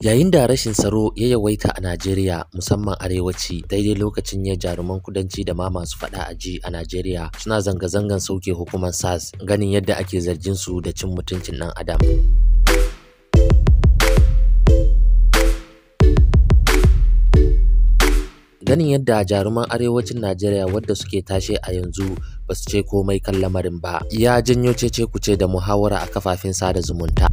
Yayin da rashin tsaro ya yawaita a Najeriya musamman arewaci daidai lokacin ya jaruman kudanci da ma masu fada a ji a Najeriya suna zanga-zangan sauke hukumar SARS ganin yadda ake zargin su da cin mutuncin ɗan adam. ganin yadda jaruman arewacin najeriya wadda suke tashe a yanzu ba su ce komai kan lamarin ba ya janyo cece kuce da muhawara a kafafen sada zumunta.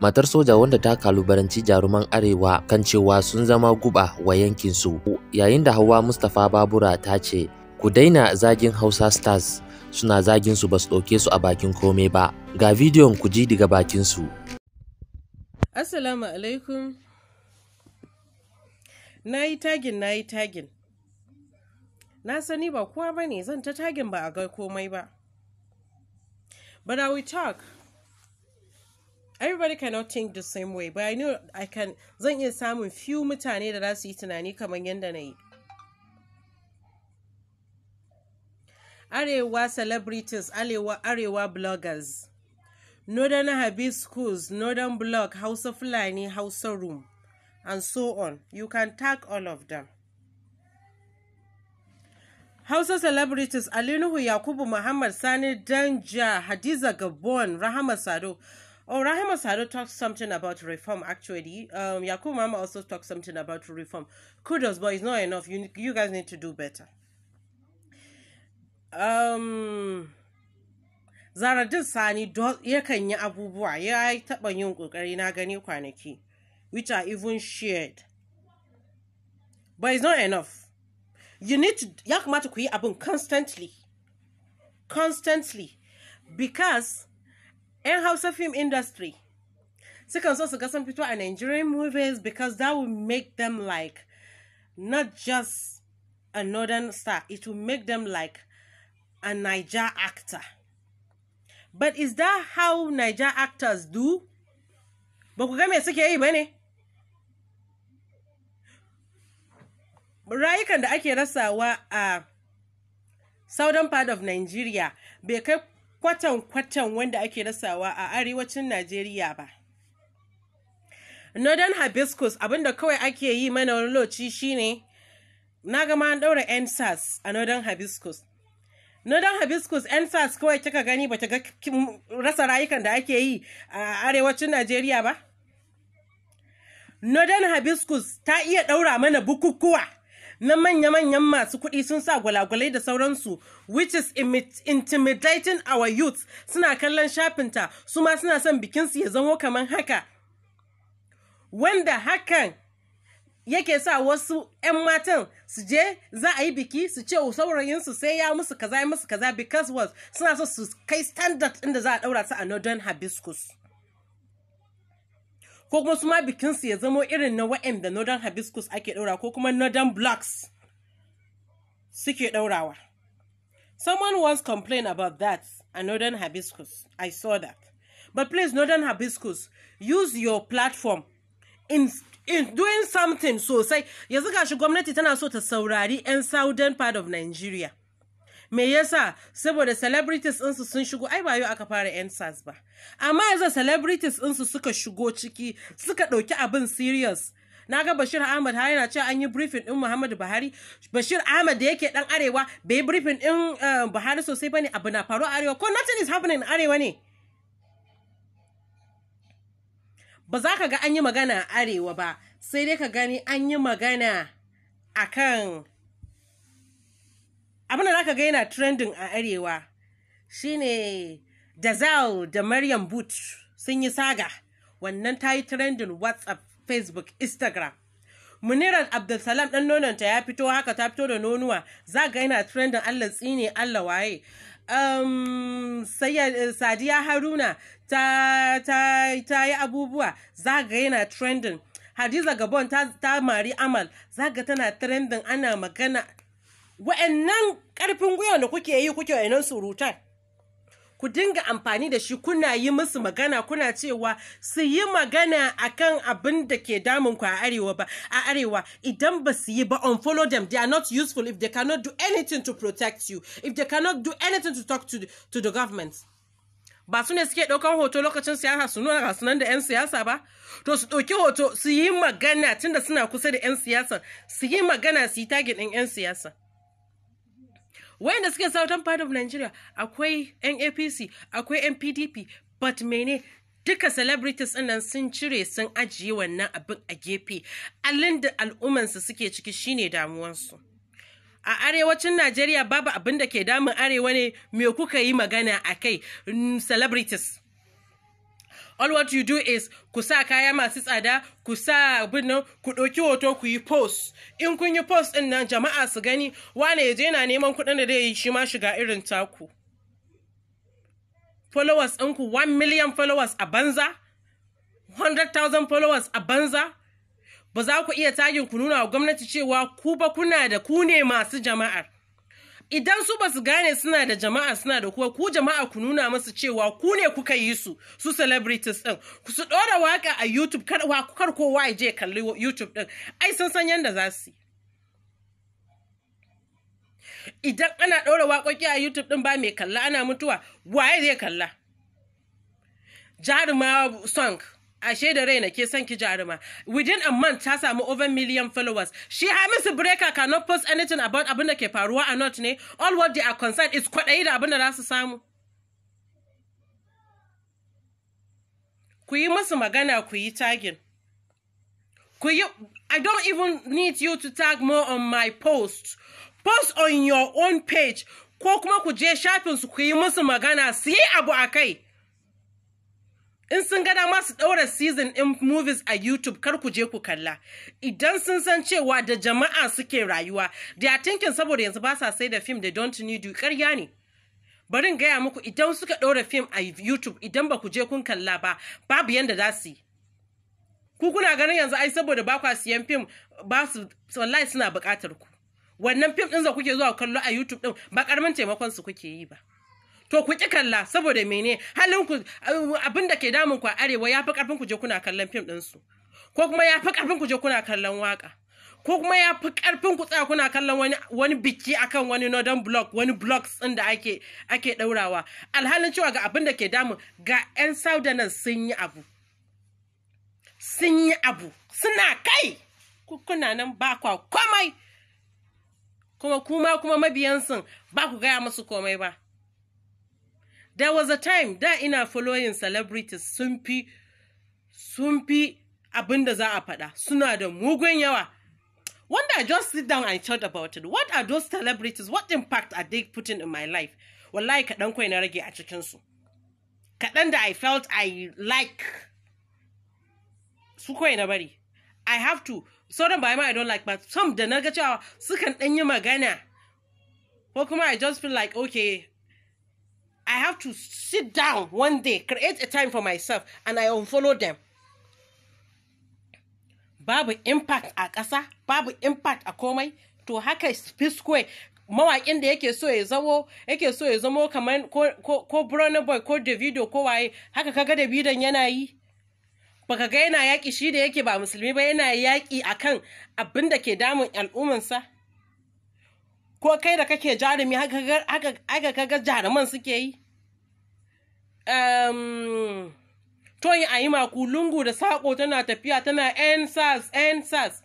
matar soja wanda ta kalubalanci jaruman arewa kan cewa sun zama guba wa yankinsu yayin da hawa mustapha babura ta ce ku daina zagin hausa stars suna zagin su ba su ɗauke su a bakin komai ba ga bidiyon ku ji daga bakin su assalamu alaikum na yi tagin na yi tagin na sani ba kowa ba ne zan ta tagin ba a ga komai ba but i will talk everybody cannot think the same way but i know i can zan iya samun few mutane da za su yi tunani kamar yadda na yi arewa celebrities arewa arewa bloggers northern hibiscus northern blog hausa fulani hausa room and so on you can tag all of them Hausa celebrities Alinuhu Yakubu Muhammad Sani Danja Hadiza Gabon Rahama Sado Oh, Rahim Osado talked something about reform, actually. Um, Mama also talked something about reform. Kudos, but it's not enough. You, you guys need to do better. Um... Zara duk sani yakan yi abubuwa ya yi taɓa yin ƙoƙari na gani kwanaki, which are even shared. But it's not enough. You need to, ya kamata ku yi abin constantly. Constantly. Because in-house film industry Second, also got some people fito nigerian movies because that will make them like not just a northern star it will make them like a niger actor but is that how niger actors do But we can me a money. ba ne rayukan da ake rasawa a uh, southern part of nigeria bai kai kwatan-kwatan wanda ake rasawa a arewacin Najeriya ba. Northern Hibiscus abinda kawai ake yi mana wani loci shine na gama an ɗaura NSAS a Northern Hibiscus. Northern Hibiscus ensas kawai kika gani bata ga rasa rayukan da ake yi a arewacin Najeriya ba? Northern Hibiscus ta iya ɗaura mana bukukuwa. na manya-manyan masu kuɗi sun sa gwalagwalai da sauransu which is intimidating our youth suna kallon shafinta su ma suna son bikinsu ya zamo kamar haka wanda hakan yake sa wasu 'yan matan su je za a yi biki su ce saurayinsu sai ya musu kaza ya musu kaza because was suna so su kai standard inda za a ɗaura su a northern hibiscus ko kuma su ma bikinsu ya zamo irin na the northern hibiscus ake ɗaura ko kuma northern blacks suke ɗaurawa someone once complained about that a northern hibiscus i saw that but please northern hibiscus use your platform in in doing something sosai yanzu gashi gwamnati tana so ta saurari 'yan southern part of nigeria me yasa saboda celebrities su sun shigo ai ba yau aka fara ensas ba amma yanzu celebrities su suka shigo ciki suka ɗauki abin serious na ga bashir ahmad har yana cewa an yi briefing din muhammadu buhari bashir ahmad da yake dan arewa bai yi briefing din eh, buhari sosai bane abu na faru arewa ko nothing is happening arewa ne ba za ka ga an yi magana arewa ba sai dai ka gani an yi magana akan abin da zaka ga yana trending a arewa shine Dazal da Maryam Boot sun yi saga wannan ta yi trending WhatsApp, Facebook, Instagram. Munirar Abdulsalam ɗan nononta ya fito haka ta fito da nonuwa za ga yana trending Allah tsine Allah waye. Um, Sadiya Haruna ta, ta, yi abubuwa za ga yana trending. Hadiza Gabon ta, ta mari amal za ga tana trending ana magana wa'annan karfin gwiwa da kuke yi kuke wa'annan surutan ku dinga amfani da shi kuna yi musu magana kuna cewa su yi magana akan abin da ke damun ku a arewa ba arewa idan ba su yi ba on follow them they are not useful if they cannot do anything to protect you if they cannot do anything to talk to the, to the government ba su ne suke ɗaukan hoto lokacin siyasa su nuna ga sunan da 'yan siyasa ba to su ɗauki hoto su yi magana tunda suna kusa da 'yan siyasa su yi magana su yi tagin ɗin 'yan siyasa wayanda suke southern part of nigeria akwai NAPC, akwai NPDP, but mene duka celebrities nan sun cire sun ajiye wannan abin a gefe allin da al'ummansu suke ciki shine damuwansu a arewacin najeriya babu abin da ke damun arewa ne me kuka yi magana a kai mm, celebrities all what you do is ku sa kaya masu tsada ku sa abin ku ɗauki hoto ku yi post in kun yi post ɗin nan jama'a su gani wane ya je yana neman kuɗin da zai yi shi ma shiga irin taku followers ɗinku 1 million followers a banza 100,000 followers a banza ba za ku iya tagin ku nuna wa gwamnati cewa ku ba kuna da ku ne masu jama'ar idan su basu gane suna da jama'a suna da kuwa ku jama'a ku nuna musu cewa ku ne kuka yi su su celebrities din ku su dora waka a YouTube kar kar kowa ya je kalli YouTube din ai sun san yanda za su idan ana dora waƙoƙi a YouTube din ba mai kalla ana mutuwa waye zai kalla jarumawa song ashe da raina ke son ki jaruma within a month ta samu over million followers shi hamisu breaker cannot post anything about abin da ke faruwa a not ne all what they are concerned is kwaɗayi da abin da za su samu ku yi musu magana ku yi tagin ku yi i don't even need you to tag more on my post post on your own page ko kuma ku je shafin su ku yi musu magana su yi abu a kai in sun ga dama su ɗaura season in movies a youtube kar ku je ku kalla idan sun san cewa da jama'a suke rayuwa da tinkin saboda yanzu ba sa sai da film they don't need you ƙarya ne barin gaya muku idan suka ɗaura film a youtube idan ba ku je kun kalla ba babu yanda za su yi ku kuna ganin yanzu ai saboda ba kwa siyan film ba su wallahi suna buƙatar ku wannan film ɗin da kuke zuwa kallo a youtube ɗin ba ƙaramin taimakon su kuke yi ba to ku ki kalla saboda mene halin ku eh, abin da ke damun ku a arewa ya fi karfin ku je kuna kallon fim din su ko kuma ya fi karfin ku je kuna kallon waka ko kuma ya fi karfin ku tsaya kuna kallon wani wani biki akan wani northern block wani blocks din da ake ake daurawa alhalin cewa ga abin da ke damun ga yan nan sun yi abu sun yi abu suna kai kuna nan ba kwa komai kuma kuma kuma mabiyansu ba ku gaya musu komai ba There was a time da ina following celebrities sun fi sun fi abin da za a faɗa suna da mugun yawa. Wanda I just sit down and chat about it. What are those celebrities? What impact are they putting in my life? Wallahi kaɗan kawai na rage a cikinsu. Kaɗan da I felt I like su kawai na bari. I have to sauran bayan ma I don't like but some da na ga cewa sukan ɗan yi magana ko kuma I just feel like okay I have to sit down one day, create a time for myself, and I unfollow them. Babu impact a ƙasa, babu impact a komai, to haka square mawaƙin da yake so ya zamo yake so ya zamo kamar ko Burna Boy ko Davido ko waye haka kaga Davidon yana yi baka ga yana yaƙi shi da yake ba musulmi ba yana yaƙi akan abin da ke damun al'ummansa. ko kai da kake jarumi haka kaga jaruman suke yi um, yi a yi makulungu da saƙo tana tafiya tana ensas ensas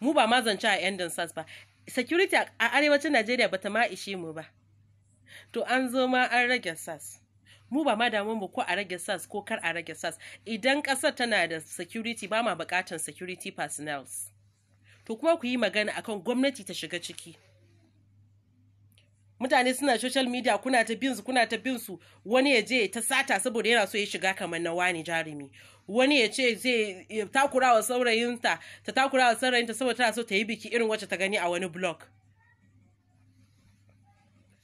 mu ba mazanci a yan sas ba security a arewacin najeriya bata ma ishe mu ba to an zo ma an rage sas mu ba ma damun mu ko a rage sas ko kar a rage sas idan ƙasar tana da security ba ma buƙatar security personnel to kuma ku yi magana akan gwamnati ta shiga ciki mutane suna social media kuna ta binsu kuna ta binsu wani ya je ta sata saboda yana so ya shiga kamar na wani jarumi wani ya ce zai takura saurayinta ta takura saurayinta saboda tana so ta yi biki irin wacce ta gani a wani blog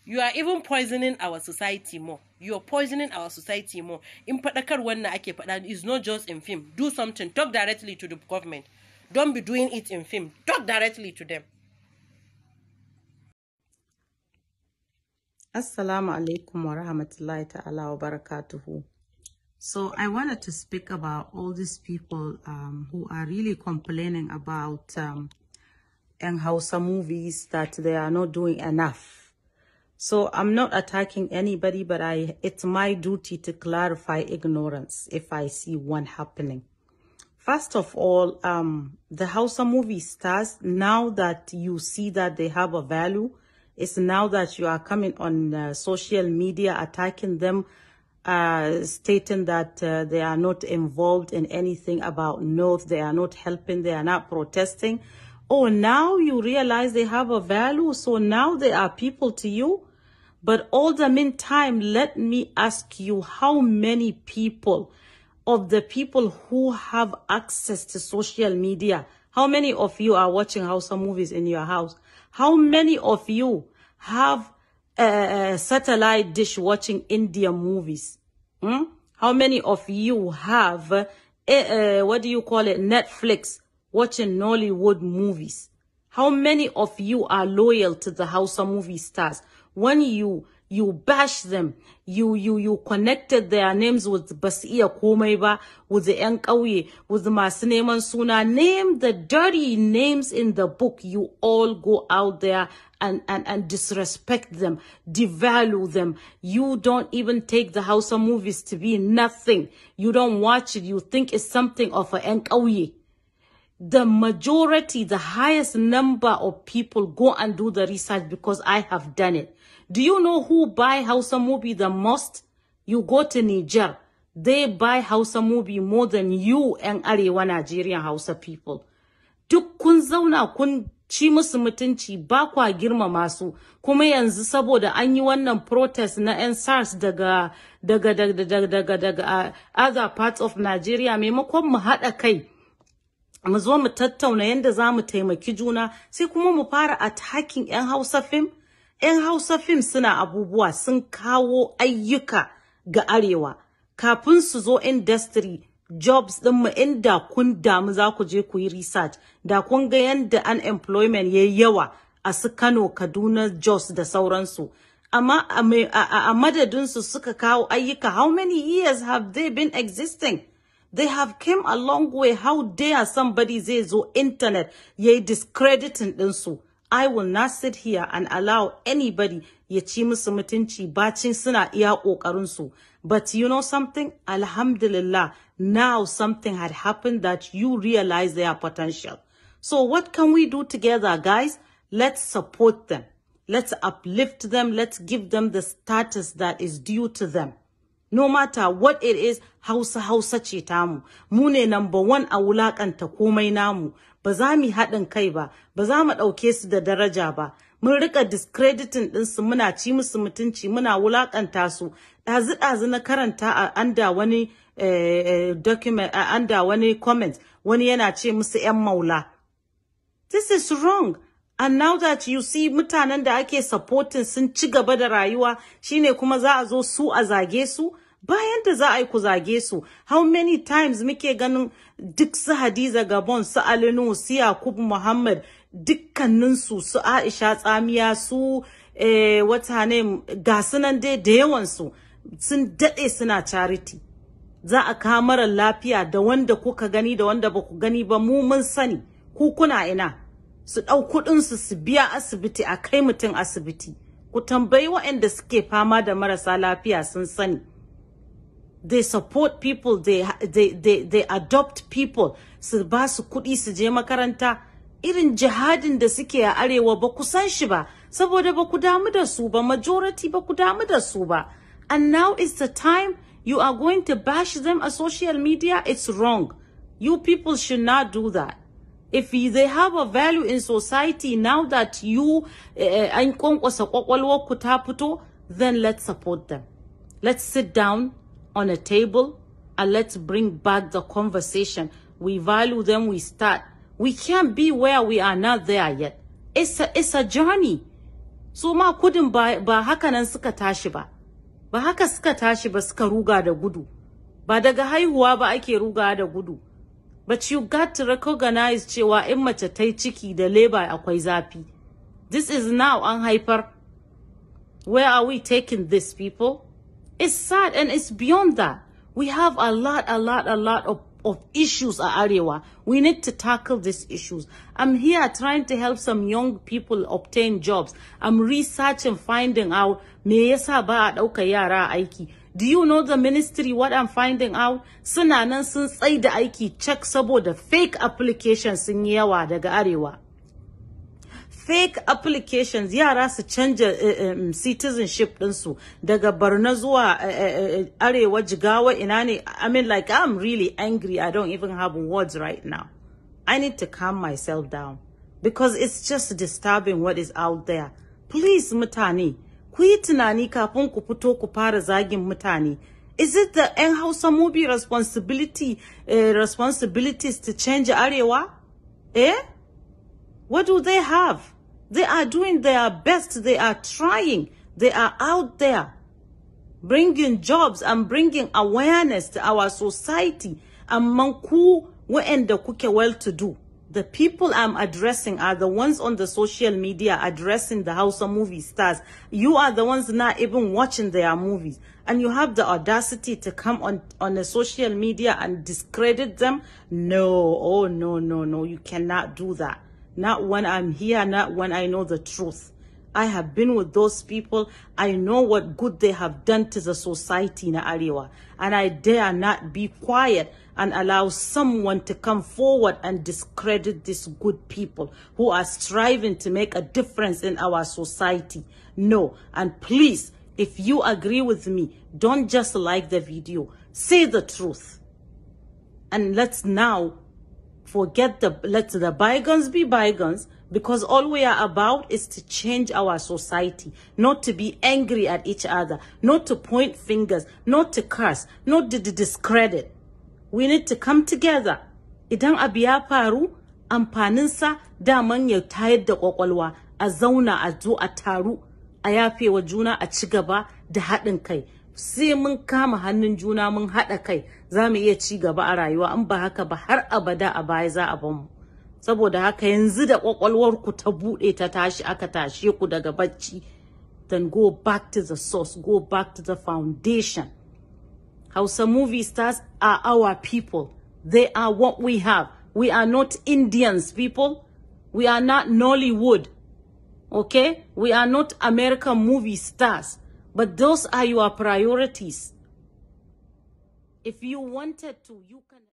you are even poisoning our society more you are poisoning our society more in fadakar wannan ake fada is not just in film do something talk directly to the government don't be doing it in film talk directly to them Assalamu alaikum wa rahmatullahi ta'ala wa barakatuhu. So I wanted to speak about all these people um, who are really complaining about um, and some movies that they are not doing enough. So I'm not attacking anybody, but I it's my duty to clarify ignorance if I see one happening. First of all, um, the Hausa movie stars, now that you see that they have a value, it's now that you are coming on uh, social media, attacking them, uh, stating that uh, they are not involved in anything about North, they are not helping, they are not protesting. Oh, now you realize they have a value, so now they are people to you. But all the meantime, let me ask you how many people of the people who have access to social media, how many of you are watching Hausa movies in your house? How many of you have a, satellite dish watching Indian movies? Hmm? How many of you have, a, a, what do you call it, Netflix watching Nollywood movies? How many of you are loyal to the Hausa movie stars? When you you bash them you you you connected their names with basu iya with the yan with masu neman suna name the dirty names in the book you all go out there and and and disrespect them devalue them you don't even take the House of movies to be nothing you don't watch it you think it's something of a yan the majority the highest number of people go and do the research because I have done it Do you know who buy Hausa movie the most? You go to Niger. They buy Hausa movie more than you and Arewa Nigerian Hausa people. Duk kun zauna kun ci musu mutunci ba kwa girmama su kuma yanzu saboda an yi wannan protest na 'yan SARS daga daga daga daga daga daga uh, other parts of Nigeria maimakon mu haɗa kai mu zo mu tattauna yadda za mu taimaki juna sai kuma mu fara attacking 'yan Hausa film 'yan Hausa fim suna abubuwa sun kawo ayyuka ga Arewa kafin su zo industry jobs ɗinmu inda kun damu za ku je ku yi research da kun ga yadda unemployment ya yawa a su Kano, Kaduna, Jos da sauransu. Amma a madadinsu suka kawo ayyuka how many years have they been existing? They have came a long way how dare somebody zai zo internet ya yi discrediting ɗinsu. I will not sit here and allow anybody ya ci musu mutunci iya ƙoƙarinsu. But you know something? Alhamdulillah, now something had happened that you realize their potential. So what can we do together, guys? Let's support them. Let's uplift them. Let's give them the status that is due to them. No matter what it is, How Hausa ce tamu. Mu number one awulak and komai namu. ba za mu haɗin kai ba ba za mu ɗauke su da daraja ba mun rika discrediting ɗinsu muna ci musu mutunci muna wulaƙanta su ɗazu-ɗazu na karanta a anda wani eh, eh, document a anda wani comment wani yana ce musu 'yan maula this is wrong and now that you see mutanen da ake supporting sun ci gaba da rayuwa shine kuma za a zo su a zage su bayan da za a yi ku zage su how many times muke ganin duk su hadiza gabon su alinu su yakubu muhammad dukkaninsu su aisha tsamiya su eh, wata ne ga sunan dai da yawansu sun daɗe suna charity za a kawo lafiya da wanda kuka gani da wanda ba ku gani ba mu mun sani ku kuna ina su ɗau kuɗinsu su biya asibiti a kai mutum asibiti ku tambayi waɗanda suke fama da marasa lafiya sun sani they support people they they they, they adopt people su ba su kuɗi su je makaranta irin jihadin da suke a arewa ba ku san shi ba saboda ba ku damu da su ba majority ba ku damu da su ba and now is the time you are going to bash them on social media it's wrong you people should not do that if they have a value in society now that you eh, an kwankwasa kwakwalwar ku ta then let's support them let's sit down on a table and let's bring back the conversation. We value them, we start. We can't be where we are not there yet. It's a, it's a journey. So ma kudin ba, ba haka nan suka tashi ba. Ba haka suka tashi ba suka ruga da gudu. Ba daga haihuwa ba ake ruga da gudu. But you got to recognize cewa in mace ta ciki da leba akwai zafi. This is now an haifar. Where are we taking this people? It's sad and it's beyond that. We have a lot, a lot, a lot of, of issues at uh, ariwa. We need to tackle these issues. I'm here trying to help some young people obtain jobs. I'm researching, finding out, me yara aiki. Do you know the ministry what I'm finding out? Suna nan sun tsaida aiki check the fake applications in yawa daga ariwa fake applications yara su canja eh, eh, mm, citizenship ɗinsu daga barna zuwa eh, arewa jigawa ina ne i mean like i'm really angry i don't even have words right now i need to calm myself down because it's just disturbing what is out there please Mutani, ku yi tunani kafin ku fito ku fara zagin mutane Is it the N Hausa movie responsibility uh, responsibilities to change Arewa? Eh? What do they have? They are doing their best. They are trying. They are out there bringing jobs and bringing awareness to our society among who we wa'anda kuke well to do. The people I'm addressing are the ones on the social media addressing the house of movie stars. You are the ones not even watching their movies. And you have the audacity to come on, on the social media and discredit them? No, oh no, no, no, you cannot do that not when I'm here, not when I know the truth. I have been with those people. I know what good they have done to the society in Ariwa. And I dare not be quiet and allow someone to come forward and discredit these good people who are striving to make a difference in our society. No. And please, if you agree with me, don't just like the video. Say the truth. And let's now forget the let the bygones be bygones because all we are about is to change our society not to be angry at each other not to point fingers not to curse not to discredit we need to come together idan abu ya faru amfaninsa daman ya tayar da kwakwalwa a zauna a zo a taru a yafewa juna a ci da haɗin kai sai mun kama hannun juna mun haɗa kai za mu iya ci gaba a rayuwa In ba haka ba har abada a baya za a mu saboda haka yanzu da ku ta buɗe ta tashi aka tashe ku daga bacci then go back to the source go back to the foundation hausa movie stars are our people they are what we have we are not indians people we are not nollywood okay we are not american movie stars But those are your priorities. If you wanted to, you can.